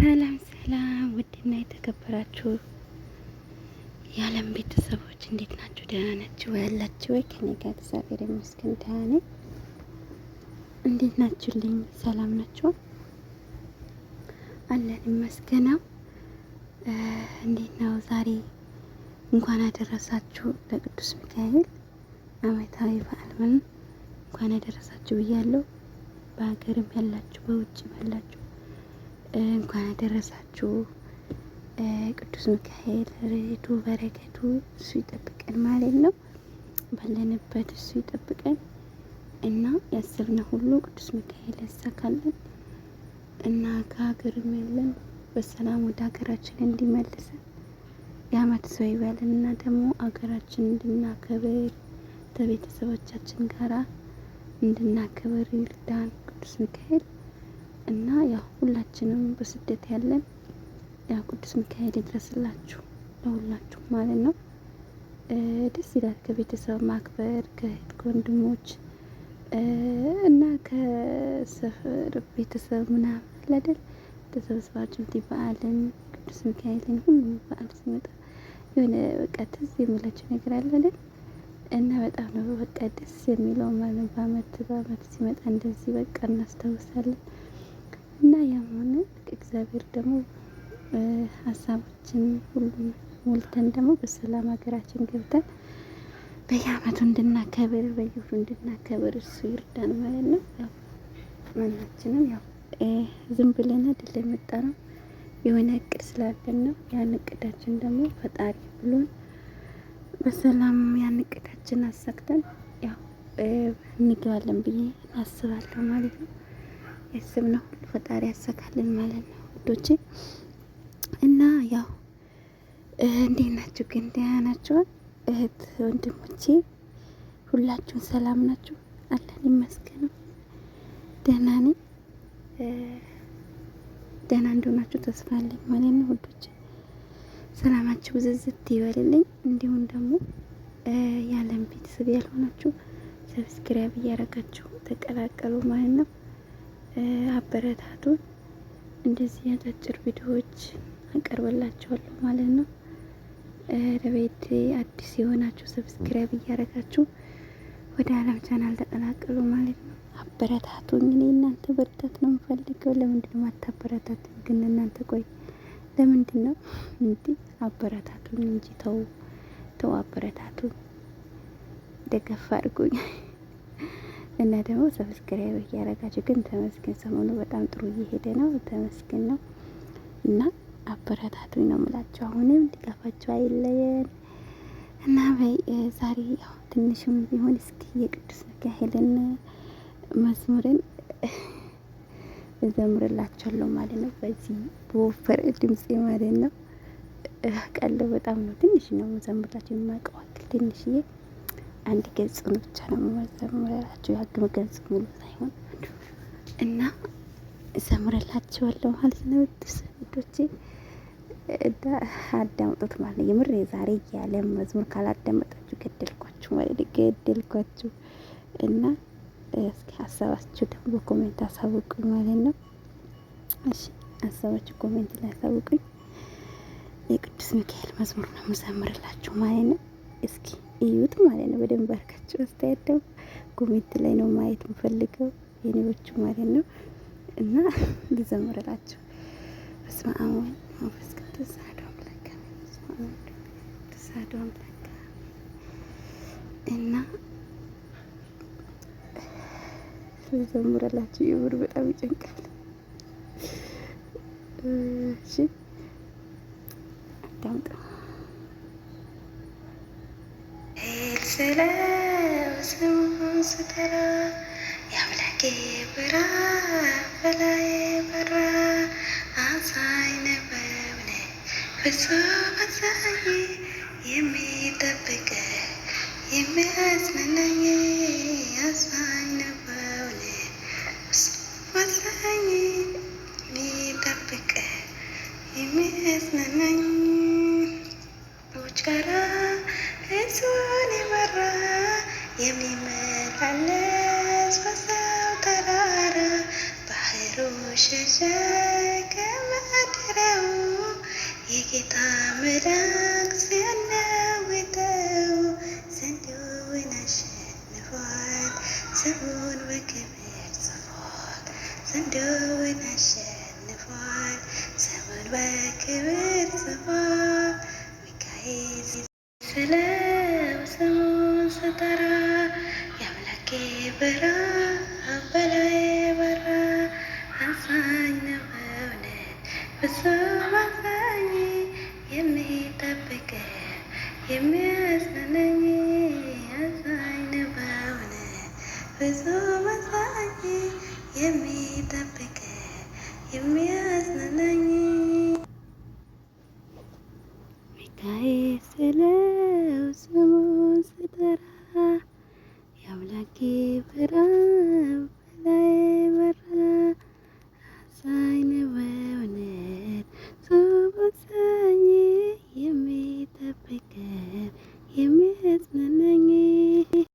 ሰላም ሰላም፣ ውድና የተከበራችሁ የዓለም ቤተሰቦች እንዴት ናችሁ? ደህና ናችሁ ያላችሁ ወይ? ከኔ ጋር እግዚአብሔር ይመስገን ደህና ነኝ። እንዴት ናችሁልኝ? ሰላም ናችሁ? አለን ይመስገነው። እንዴት ነው ዛሬ? እንኳን አደረሳችሁ ለቅዱስ ሚካኤል ዓመታዊ በዓል እንኳን አደረሳችሁ ብያለሁ። በሀገርም ያላችሁ በውጭም ያላችሁ እንኳን አደረሳችሁ። ቅዱስ ሚካኤል ረድኤቱ በረከቱ እሱ ይጠብቀን ማለት ነው። ባለንበት እሱ ይጠብቀን እና ያሰብነ ሁሉ ቅዱስ ሚካኤል ያሳካልን እና ከሀገርም ያለን በሰላም ወደ ሀገራችን እንዲመልሰን የአመት ሰው ይበለን እና ደግሞ ሀገራችን እንድናከብር ከቤተሰቦቻችን ጋራ እንድናከብር ይርዳን ቅዱስ ሚካኤል። እና ያው ሁላችንም በስደት ያለን ያ ቅዱስ ሚካኤል ይድረስላችሁ ለሁላችሁ ማለት ነው። ደስ ይላል ከቤተሰብ ማክበር ከእህት ከወንድሞች እና ከሰፈር ቤተሰብ ምናምን ለደል ተሰብስባችሁ በዓልን ቅዱስ ሚካኤልን ሁሉም በዓል ሲመጣ የሆነ በቃ ትዝ የሚላቸው ነገር አለ አይደል? እና በጣም ነው በቃ ደስ የሚለው ማለት በአመት በአመት ሲመጣ እንደዚህ በቃ እናስታውሳለን። እና ያም ሆነ እግዚአብሔር ደግሞ ሀሳባችን ሁሉ ሞልተን ደግሞ በሰላም ሀገራችን ገብተን በየአመቱ እንድናከብር በየወሩ እንድናከብር እሱ ይርዳን ማለት ነው። ያው ማናችንም ያው ዝም ብለን አይደል የመጣ ነው፣ የሆነ እቅድ ስላለን ነው። ያን እቅዳችን ደግሞ ፈጣሪ ብሎን በሰላም ያን እቅዳችን አሳክተን ያው እንገባለን ብዬ አስባለሁ ማለት ነው። ያስብነው ሁሉ ፈጣሪ ያሳካልን ማለት ነው ውዶቼ። እና ያው እንዴት ናችሁ? ግን ደህና ናችሁ? እህት ወንድሞቼ ሁላችሁን ሰላም ናችሁ? አለን ይመስገን ደህና ነኝ። ደህና እንደሆናችሁ ተስፋ አለኝ ማለት ነው ውዶቼ። ሰላማችሁ ብዝዝት ይበልልኝ። እንዲሁም ደግሞ ያለን ቤተሰብ ያልሆናችሁ ሰብስክራይብ እያረጋችሁ ተቀላቀሉ ማለት ነው። አበረታቱ። እንደዚህ አጫጭር ቪዲዮዎች አቀርብላችኋለሁ ማለት ነው። ለቤት አዲስ የሆናችሁ ሰብስክራይብ እያደረጋችሁ ወደ አለም ቻናል ተቀላቀሉ ማለት ነው። አበረታቱ። እኔ እናንተ በርታት ነው የምፈልገው። ለምንድን ነው ማታበረታቱኝ ግን እናንተ? ቆይ ለምንድን ነው እንዲ? አበረታቱ እንጂ ተው ተው፣ አበረታቱ ደገፋ አድርጎኛል። እና ደግሞ ሰብስክራይብ እያረጋችሁ ግን ተመስገን ሰሞኑ በጣም ጥሩ እየሄደ ነው። ተመስገን ነው እና አበረታቱኝ ነው የምላችሁ። አሁንም ድጋፋችሁ አይለየን እና በይ ዛሬ ያው ትንሽም ቢሆን እስኪ የቅዱስ ሚካኤልን መዝሙርን እዘምርላችኋለሁ ማለት ነው። በዚህ በወፈረ ድምፄ ማለት ነው። ቀልብ በጣም ነው ትንሽ ነው መዘምራችሁ የማውቀዋል ትንሽዬ አንድ ገጽን ብቻ ነው የምዘምርላችሁ የሀግም ገጽ ሙሉ ሳይሆን እና እዘምርላችኋለሁ ማለት ነው። ድርሰቶቼ አዳምጡት ማለት ነው። የምር ዛሬ እያለ መዝሙር ካላዳመጣችሁ ገደልኳችሁ ማለት ነው። ገደልኳችሁ እና እስኪ ሀሳባችሁ ደግሞ በኮሜንት አሳውቁኝ ማለት ነው። እሺ ሀሳባችሁ ኮሜንት ላይ አሳውቁኝ። የቅዱስ ሚካኤል መዝሙር ነው የምዘምርላችሁ ማለት ነው። እስኪ እዩት ማለት ነው። በደንብ አርጋችሁ አስተያየት ደግሞ ኮሜንት ላይ ነው ማየት የምፈልገው የኔዎቹ ማለት ነው። እና ልዘምርላችሁ በስመ አብ ወወልድ ወመንፈስ ቅዱስ አሐዱ አምላክ አሐዱ አምላክ እና ልዘምርላችሁ የምር በጣም ይጨንቃል። እሺ የአምላኬ ብራ በላይ በራ የሚጠብቅ የሚያጽናናኝ አዛኝ የሚጠብቅ ውጭ ጋራ እሱን የመራ የሚመ الناس وصوت الورى بحر شجاع كما تروا يجي طعم رقص أنا وداو سندو ونشد نفوات سمون وكبير صفوت سندو ونشد نفوات سمون وكبير صفوت وكايزي سلام سمون سطرات በራ በላይ በራ አዛኝ ነው በእውነት ብዙ አዛኝ የሚጠብቅ የሚያዝናናኝ አዛኝ ነው በእውነት ብዙ አዛኝ የሚጠብቅ የሚያዝናናኝ